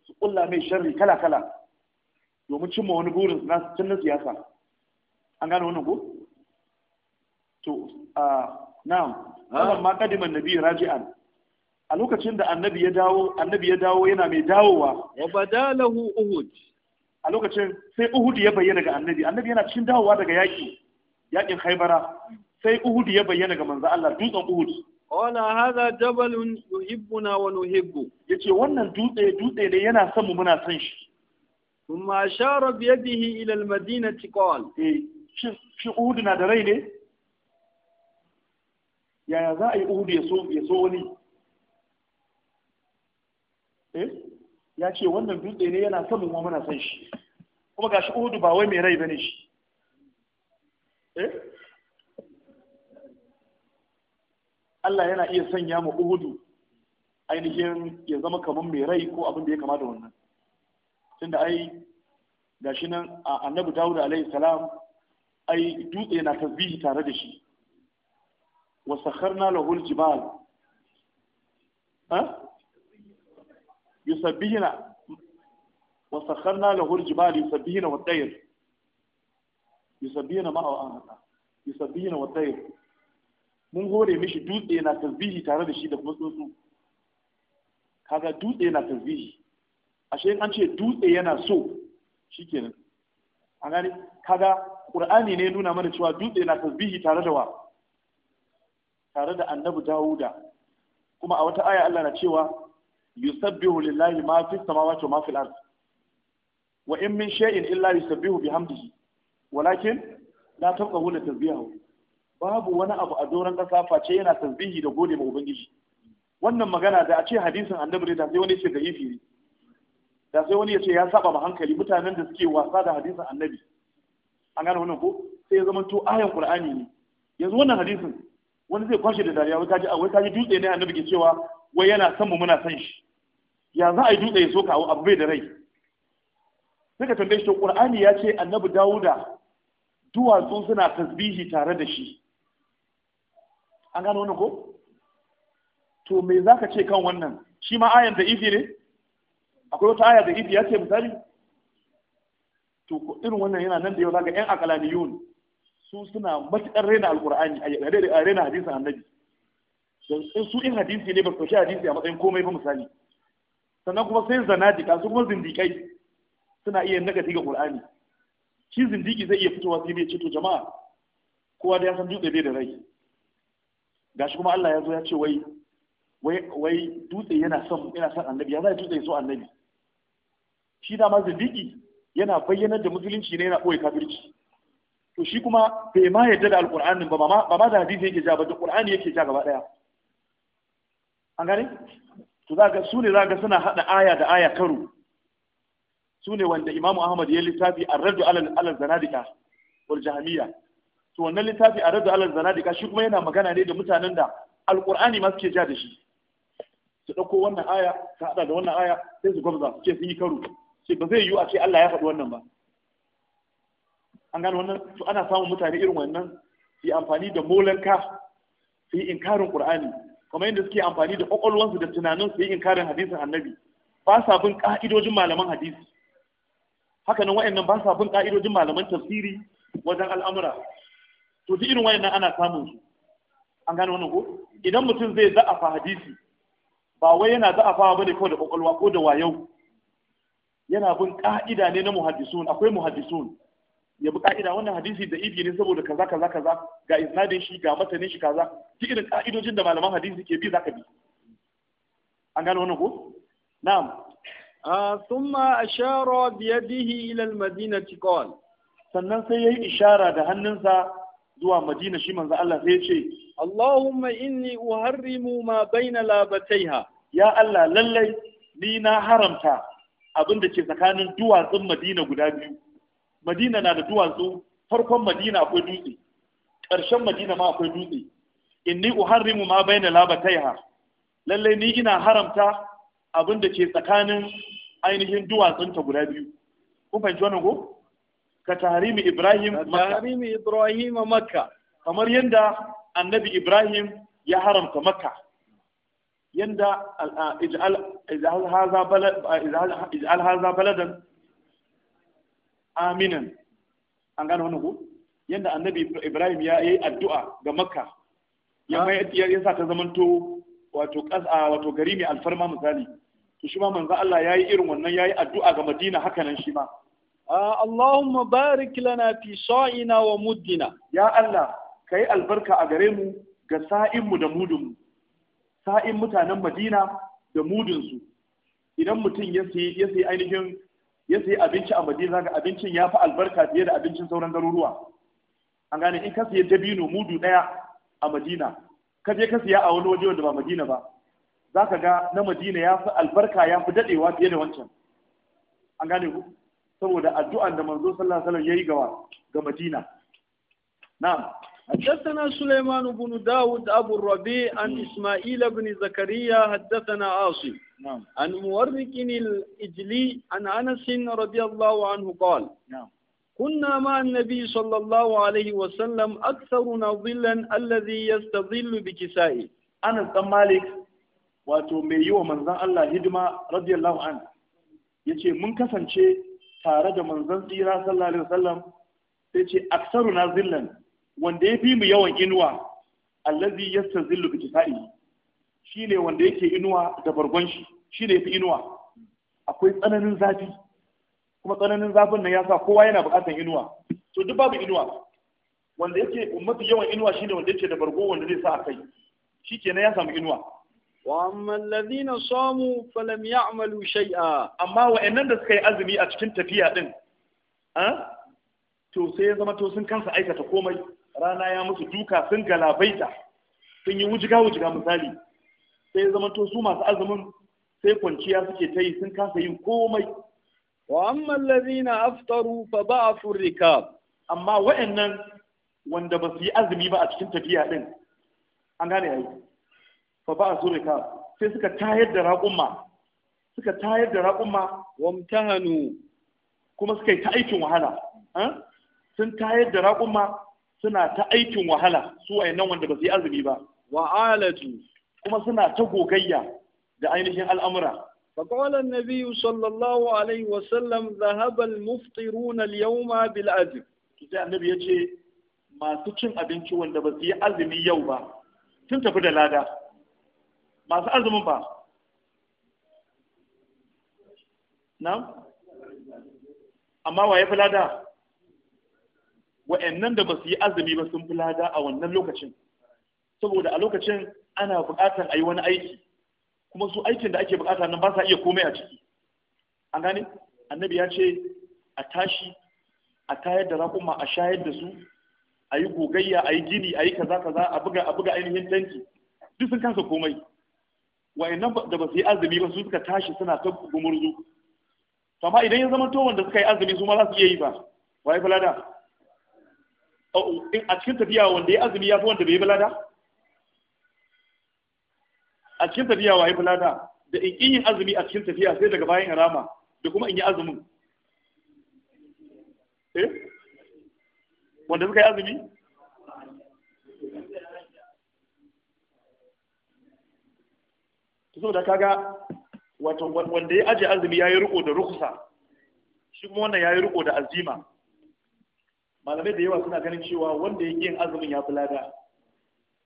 su kulla mai sharri kala kala domin cimma wani burin su tun na siyasa an gane wannan ko to a na'am Ah. ma kadiman nabi raji'an a lokacin da annabi ya dawo annabi ya dawo yana mai dawowa wa badalahu uhud a lokacin sai uhud ya bayyana ga annabi annabi yana cikin dawowa daga yaki yakin haibara sai uhud ya bayyana ga manzo Allah dutsen uhud wala hadha jabalun yuhibbuna wa nuhibbu yace wannan dutse dutse ne yana son mu muna son shi kuma ashara bi yadihi ila al-madinati qala eh shi uhud na da rai ne yaya za a yi uhudu ya so wani eh ya ce wannan dutse ne yana son mu muna son shi kuma gashi uhudu ba wai mai rai bane shi eh Allah yana iya sanya mu uhudu ainihin ya zama kamar mai rai ko abin da ya kama da wannan tunda ai gashi nan annabi Dawud alaihi salam ai dutse na tasbihi tare da shi wa sakharna lahu al-jibal ha yusabbihuna wa sakharna lahu mun hore mishi dutse na tasbihi tare da shi da kuma kaga dutse na tasbihi ashe an ce dutse yana so kaga qur'ani ne nuna mana cewa dutse na tasbihi tare da wa tare da annabi Dawuda kuma a wata aya Allah na cewa yusabbihu lillahi ma fi samawati wa ma fil ard wa in min shay'in illa yusabbihu bihamdihi walakin la la tasbihu babu wani abu a doron kasa face yana tasbihi da gode ma ubangiji wannan magana da a ce hadisin annabi da sai wani ce da yifi da sai wani ya ce ya saba ma hankali mutanen da suke wasa da hadisin annabi an gane wannan ko sai ya zama to ayan qur'ani ne yanzu wannan hadisin wani zai kwashe da dariya wai kaji wai kaji dutse ne annabi ke cewa wai yana san mu muna san shi ya za a yi dutse ya so kawo abu bai da rai sai ka tambaye shi to qur'ani ya ce annabi dawuda duwatsu suna tasbihi tare da shi an gano wannan ko to me zaka ce kan wannan shi ma ayan da ifi ne akwai wata aya da ifi ya ce misali to irin wannan yana nan da yau zaka yan akalaniyun su suna matuƙar rena alƙur'ani a rena hadisin annabi in su in hadisi ne ba su shi hadisi a matsayin komai ba misali sannan kuma sai zanadika su kuma zindikai suna iya nagati ga qur'ani shi zindiki zai iya fitowa sai bai ceto jama'a kowa da ya san dutse bai da rai gashi kuma Allah ya zo ya ce wai wai wai dutse yana son yana son annabi ya zai dutse ya so annabi shi da ma zindiki yana bayyana da musulunci ne yana koyi kafirci to shi kuma bai ma yadda da alƙur'anin ba ba ma da hadisi yake ja ba da ƙur'ani yake ja gaba ɗaya an gane to za ga su ne za ga suna haɗa aya da aya karo su ne wanda imamu ahmad ya littafi a raddu alal zanadika wal jahamiya to wannan littafi a raddu alal zanadika shi kuma yana magana ne da mutanen da alƙur'ani ma suke ja da shi su ɗauko wannan aya ka haɗa da wannan aya sai su gwamza su sun yi karo sai ba zai yiwu a ce Allah ya faɗi wannan ba an gano wannan to ana samun mutane irin wannan su yi amfani da ka su yi inkarin qur'ani kamar yadda suke amfani da kwakwalwansu da tunanin su yi inkarin hadisin annabi ba sa bin ka'idojin malaman hadisi haka nan wa'annan ba sa bin ka'idojin malaman tafsiri wajen al'amura to duk irin wa'annan ana samun su an gano wannan ko idan mutum zai za'afa hadisi ba wai yana za'afawa bane kawai da kwakwalwa ko da wayau yana bin ka'ida ne na muhaddisun akwai muhaddisun ya bi ka'ida wannan hadisi da ibi ne saboda kaza kaza kaza ga isnadin shi ga matanin shi kaza duk irin ka'idojin da malaman hadisi ke bi zaka bi an gano wannan ko na'am ثم أشار بيده إلى المدينة قال sannan sai ya yi ishara da hannunsa zuwa madina shi manzo Allah sai ya ce Allahumma inni uharrimu ma baina labataiha ya Allah lallai ni na haramta abin da ke tsakanin duwatsun madina guda biyu madina na da duwatsu farkon madina akwai dutse ƙarshen madina ma akwai dutse inni uharrimu ma bayna labataiha lalle ni ina haramta abin da ke tsakanin ainihin duwatsun ta guda biyu kun fahimci wannan ko ka tahrimi ibrahim tahrimi ibrahim makka kamar yanda annabi ibrahim ya haramta makka yanda ij'al haza baladan aminan an gano wani ku yadda annabi ibrahim ya yi addu'a ga makka ya ah. ya sa ta zamanto wato ƙasa wato gari mai alfarma misali to shi ma manzo Allah ya yi irin wannan ya yi addu'a ga madina haka nan shi ma ah, Allahumma barik lana fi sa'ina wa muddina ya Allah kai albarka a gare mu ga sa'in mu da mudun mu sa'in mutanen madina da mudun su idan mutum ya sayi ainihin ya sayi abinci a madina zaka abincin ya fi albarka fiye da abincin sauran garuruwa an gane in ka siya dabino mudu daya a madina ka je ka siya a wani waje wanda ba madina ba zaka ga na madina ya fi albarka ya fi dadewa fiye da wancan an gane ku saboda addu'an da manzo sallallahu alaihi wasallam yayi gawa ga madina na'am حدثنا سليمان بن داود أبو الربيع عن إسماعيل بن زكريا حدثنا عاصم نعم. عن مورك الإجلي عن أنس رضي الله عنه قال نعم. كنا مع النبي صلى الله عليه وسلم أكثرنا ظلا الذي يستظل بكسائه أنس بن مالك wato mai yi wa manzan Allah hidima radiyallahu an ya ce mun kasance tare da manzan tsira sallallahu alaihi wasallam sai ce aksaru na zillan wanda ya fi mu yawan inuwa allazi yastazillu bi kifa'i shine wanda yake inuwa da bargon shi shine yafi inuwa akwai tsananin zafi kuma tsananin zafin nan ya sa kowa yana buƙatar inuwa to duk babu inuwa wanda yake mafi yawan inuwa shine wanda yake da bargo wanda zai sa a kai shikenan ya samu inuwa wa amma ladina samu falam ya'malu shay'a amma wa'annan da suka yi azumi a cikin tafiya din ah, to sai ya zama to sun kansa aikata komai rana ya musu duka sun galabaita sun yi wujiga wujiga misali sai zama to su masu azumin sai kwanciya suke ta yi sun kasa yin komai wa amma na aftaru fa ba a furrika amma wa'annan wanda ba su yi azumi ba a cikin tafiya din an gane yayi fa ba a furrika sai suka tayar da raƙumma suka tayar da raƙumma hannu. kuma suka yi ta aikin wahala eh? sun tayar da raƙumma suna ta aikin wahala su nan wanda ba su yi azumi ba wa alatu kuma suna ta gogayya da ainihin al'amura فقال النبي صلى الله عليه وسلم ذهب المفطرون اليوم بالعزم sai annabi ya ce masu cin abinci wanda ba su yi azumi yau ba sun tafi da lada masu azumin ba na amma wa ya fi lada wa'annan da ba su yi azumi ba sun fi lada a wannan lokacin saboda a lokacin ana buƙatar a yi wani aiki kuma su aikin da ake buƙata nan ba sa iya komai a ciki an gane annabi ya ce a tashi a tayar da raƙuma a shayar da su a yi gogayya a yi gini a yi kaza kaza a buga a buga ainihin tanki duk sun kasa komai wa'annan da ba su yi azumi ba su suka tashi suna ta gumurzu amma idan ya zama to wanda suka yi azumi su ma za su iya yi ba waye falada Oh, a cikin tafiya wanda ya azumi ya fi wanda bai yi balada a cikin tafiya wa ya bulada da in yin azumi a cikin tafiya sai daga bayan harama da kuma in yi azumin eh wanda suka yi azumi da kaga wato wanda ya aje azumi ya yi riko da rukusa shi kuma wannan ya yi riko da azima malamai da yawa suna ganin cewa wanda yake yin azumin ya fi lada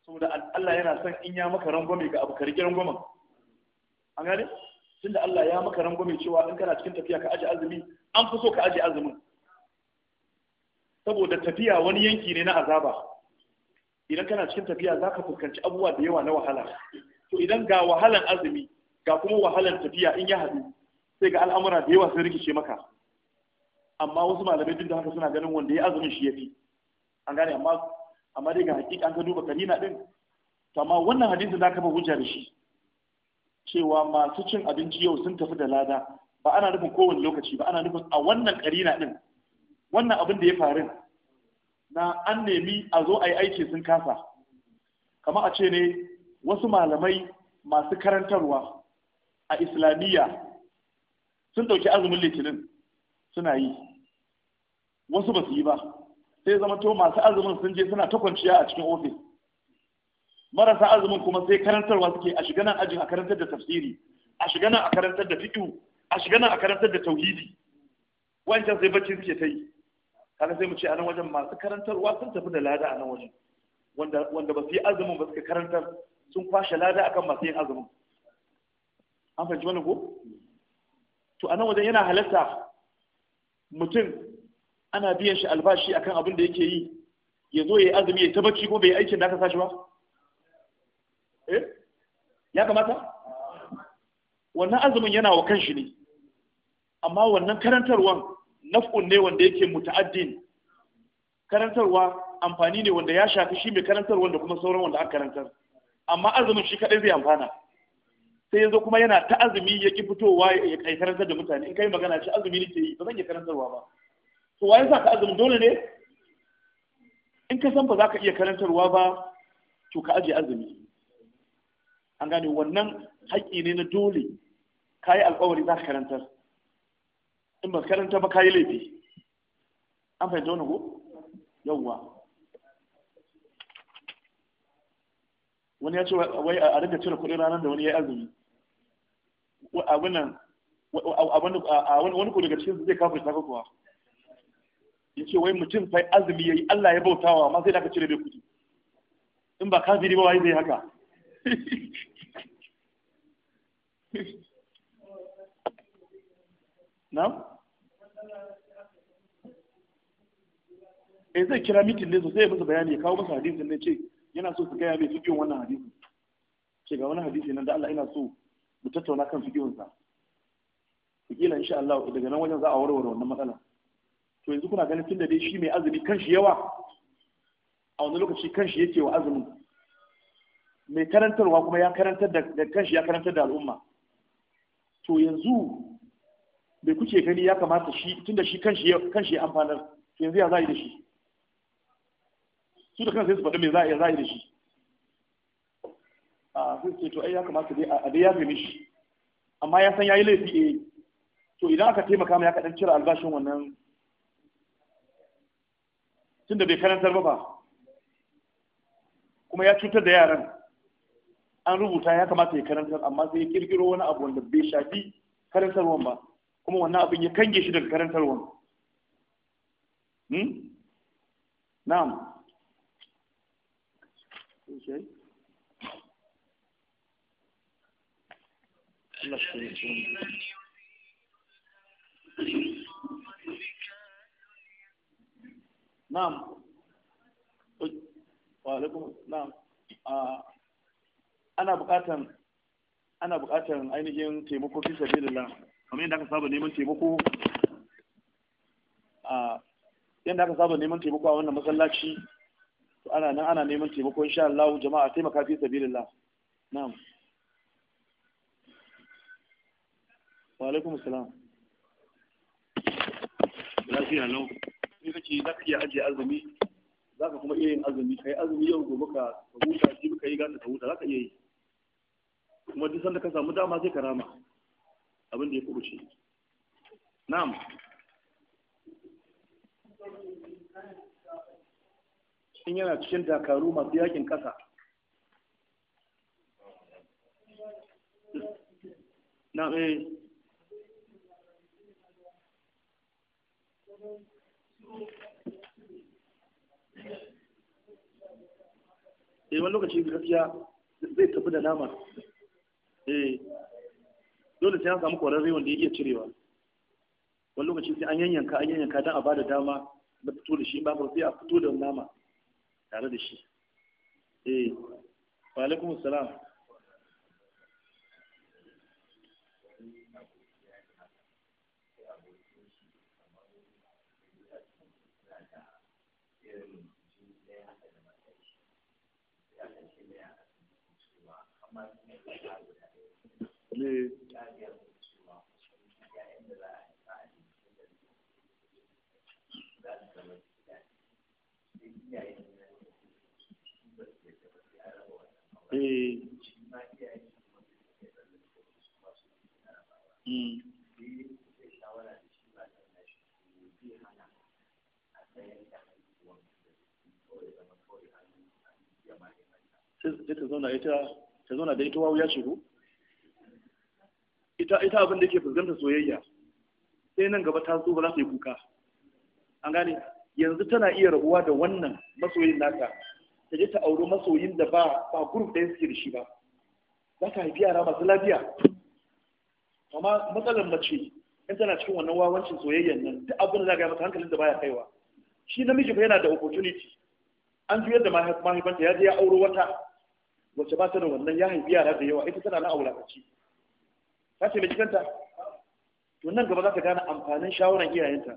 saboda Allah yana son in ya maka rangwame ga abu karki rangwamen an gane tunda Allah ya maka rangwame cewa in kana cikin tafiya ka aje azumi an fi so ka aje azumin saboda tafiya wani yanki ne na azaba idan kana cikin tafiya za ka fuskanci abubuwa da yawa na wahala to idan ga wahalan azumi ga kuma wahalan tafiya in ya haɗu sai ga al'amura da yawa sun rikice maka amma wasu malamai duk da haka suna ganin wanda ya azumin shi ya fi an gane amma amma dai ga hakika an ka duba karina din to amma wannan hadisin da aka ba hujja da shi cewa masu cin abinci yau sun tafi da lada ba ana nufin kowane lokaci ba ana nufin a wannan karina din wannan abin da ya faru na an nemi a zo a yi aiki sun kasa kamar a ce ne wasu malamai masu karantarwa a islamiyya sun ɗauki azumin litinin suna yi wasu ba su yi ba sai zama to masu azumin sun je suna ta kwanciya a cikin ofis marasa azumin kuma sai karantarwa suke a shiga nan ajin a karantar da tafsiri a shiga nan a karantar da fiqh a shiga nan a karantar da tauhidi wancan sai bacci suke ta yi kaga sai mu ce a nan wajen masu karantarwa sun tafi da lada a nan wajen wanda wanda ba su yi azumin ba suka karantar sun kwashe lada akan masu yin azumin an fahimci wani ko to a nan wajen yana halatta mutum ana biyan shi albashi akan abin da yake yi ya zo ya azumi ya tabbaci ko bai aikin da aka sashi ba eh ya kamata wannan azumin yana wa kanshi ne amma wannan karantarwan naf'un ne wanda yake muta'addin karantarwa amfani ne wanda ya shafi shi mai karantarwa da kuma sauran wanda aka karantar amma azumin shi kadai zai amfana sai ya zo kuma yana ta azumi ya ki fitowa ya karantar da mutane in kai magana shi azumi ke yi ba zan iya karantarwa ba to waye sa ka azumi dole ne in ka san ba za ka iya karantarwa ba to ka aje azumi an gane wannan haƙƙi ne na dole ka yi alƙawari za ka karantar in ba karanta ba ka yi laifi an fahimta wani ko yawwa wani ya ce wai a rinka cire kuɗin ranar da wani ya yi azumi abinan wani ko daga cikin zai kafin ta kuwa ya ce wai mutum fai azumi ya yi Allah ya bautawa amma sai da aka cire bai kudi in ba kafiri ba wai zai haka na? eh zai kira mitin ne sosai ya musu bayani ya kawo musu hadisin ne ce yana so su gaya mai cikin wannan hadisin ce ga wani hadisi nan da Allah ina so mu tattauna kan sa, kila insha Allah daga nan wajen za a warware wannan matsala to yanzu kuna ganin tunda dai shi mai azumi kanshi yawa a wani lokaci kanshi yake wa azumin mai karantarwa kuma ya karantar da kanshi ya karantar da al'umma to yanzu bai kuce gani ya kamata shi tunda shi kanshi kanshi ya amfanar to yanzu ya za yi da shi su da kansu sai su faɗi mai za a yi da shi a sai ce to ai ya kamata dai a dai ya gani shi amma ya san yayi laifi eh to idan aka taimaka mai aka dan cire albashin wannan tunda bai karantar ba ba kuma ya cutar da yaran an rubuta ya kamata ya karantar amma sai ya kirkiro wani abu wanda bai shafi karantarwan ba kuma wannan abin ya kange shi daga karantarwan hmm? na'am okay. na'am wa ah, ana buƙatan ainihin taimako fi saba neman taimako ah, a aka saba neman taimako a wannan masallaci ana nan ana neman taimako insha Allah jama'a taimaka fi sabilillah na'am wa alaikum salam lafiya lau ni kace za ka iya ajiye azumi za ka kuma iya yin azumi Ka yi azumi yau gobe ka ka huta shi ka yi gata ka huta za ka iya yi kuma duk sanda ka samu dama sai ka rama abin da ya kubuce na'am in yana cikin dakaru masu yakin kasa na eh eh wani lokaci gaskiya zai tafi da nama eh dole sai an samu kwararre wanda ya iya cirewa wani lokaci sai an yanyanka an yanyanka don a bada dama na fito da shi ba sai a fito da nama tare da shi eh wa alaikum salam ne Eh. Mm. ta zauna ita ta zauna da ita wawu ya shigo? ko ita ita abin da ke fuskanta soyayya sai nan gaba ta so ba za ta yi kuka an gane yanzu tana iya rabuwa da wannan masoyin naka ta je ta auri masoyin da ba ba group ɗaya suke da shi ba za ta haifi yara masu lafiya amma matsalar mace in tana cikin wannan wawancin soyayyan nan duk abin da za ka yi mata hankalin da baya kaiwa shi namiji fa yana da opportunity an juyar da mahaifanta ya je ya auro wata wacce ba ta da wannan ya haifi yara da yawa ita tana na aulaƙaci ta ce mai kanta to nan gaba za ta gane amfanin shawaran iyayenta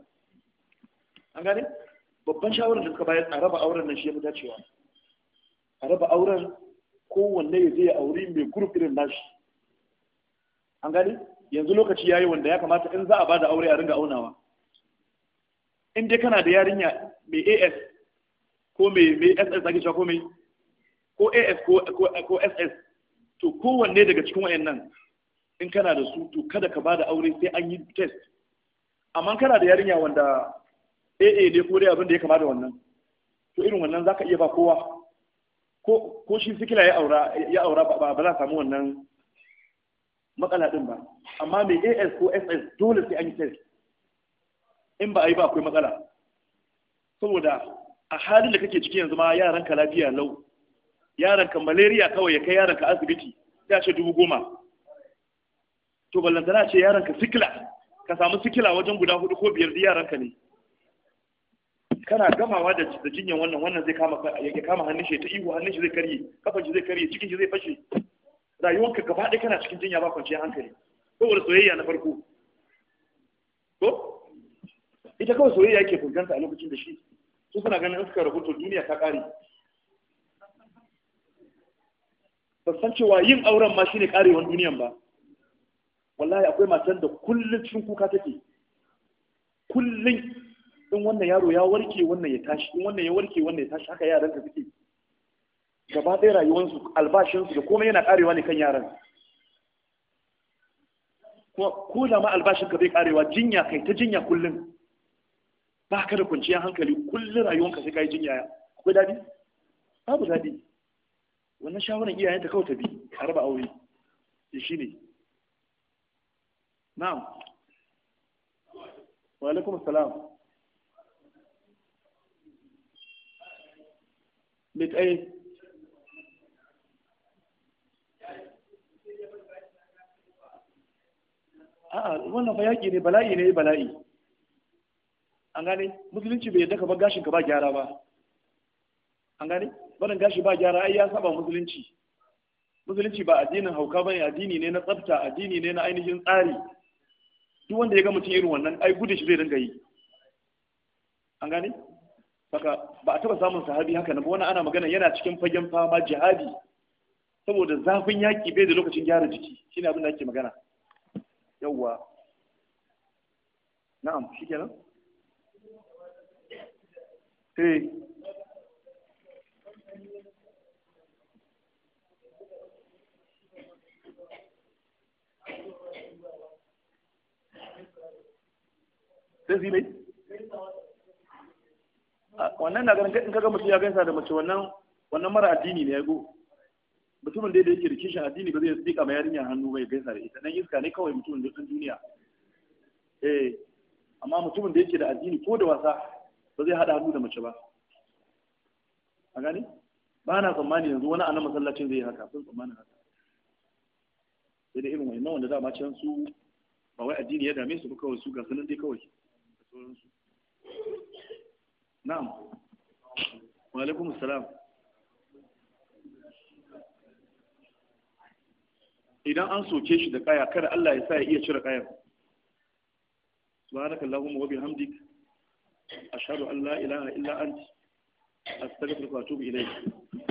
an gane babban shawarar da suka bayar a raba auren nan shi ya fi dacewa a raba auren kowanne ya zai auri mai gurup irin nashi an gane yanzu lokaci ya yi wanda ya kamata in za a ba da aure a ringa aunawa in dai kana da yarinya mai as ko mai ss ake cewa ko mai ko as ko ss to kowanne daga cikin wayannan in kana da su to kada ka bada aure sai an yi test amma kana da yarinya wanda aa ne ko dai abin da ya kamata wannan to irin wannan zaka iya ba kowa ko ko shi sikila ya aura ya aura ba ba za samu wannan matsala din ba amma mai as ko ss dole sai an yi test in ba a yi ba akwai matsala saboda a halin da kake ciki yanzu ma yaran ka lafiya lau yaron ka malaria kawai ya kai yaranka ka asibiti ya ce dubu goma to ballantana ce yaron ka sikila ka samu sikila wajen guda hudu ko biyar da yaran ka ne kana gamawa da da wannan wannan zai kama ya kama hannun shi ta ihu hannun shi zai karye kafan shi zai karye cikin shi zai fashe rayuwar ka gaba ɗaya kana cikin jinya ba kwanciyar hankali saboda soyayya na farko ko ita kawai soyayya yake fuskanta a lokacin da shi su suna ganin in suka rahoto duniya ta ƙare ba san cewa yin auren ma shine karewan duniyan ba wallahi akwai matan da kullun cikin kuka take kullun in wannan yaro ya warke wannan ya tashi in wannan ya warke wannan ya tashi haka yaran ka suke gaba ɗaya rayuwarsu albashinsu da komai yana karewa ne kan yaran ko da ma albashin ka bai karewa jinya kai ta jinya kullun ba ka da kwanciyar hankali kullun rayuwanka sai ka yi jinya akwai daɗi babu daɗi wannan shawarar iyayenta kawai ta bi a raba aure eh, shi ne na'am wa alaikum salam bit ai a'a wannan fa yaƙi ne bala'i ne bala'i an gane musulunci bai yadda ka ba gashin ka ba gyara ba an gane barin gashi ba gyara ai ya saba musulunci musulunci ba addinin hauka ba ne. addini ne na tsafta addini ne na ainihin tsari duk wanda ya ga mutum irin wannan ai gudun shi zai dinga yi an gane saka ba a taba samun sahabi haka na ba wani ana magana yana cikin fagen fama jihadi saboda zafin yaki bai da lokacin gyara jiki shine abin da ake magana yawwa na'am shikenan eh sai zile yi wannan na ganin in kaga mutum ya gaisa da mace wannan wannan mara addini ne ya go mutumin dai da yake rikishin addini ba zai dika ma yarinya hannu bai gaisa da ita dan iska ne kawai mutumin da duniya eh amma mutumin da yake da addini ko da wasa ba zai hada hannu da mace ba a gani ba na tsammani yanzu wani annan masallacin zai yi haka sun tsammanin haka sai da irin wannan wanda dama can su ba wai addini ya dame su ba kawai su ga sanin dai kawai na'am wa alaikum salam idan an soke shi da kaya kada Allah ya sa ya iya cire kayan subhanaka wa bihamdik ashhadu an la ilaha illa anta astaghfiruka wa atubu ilayk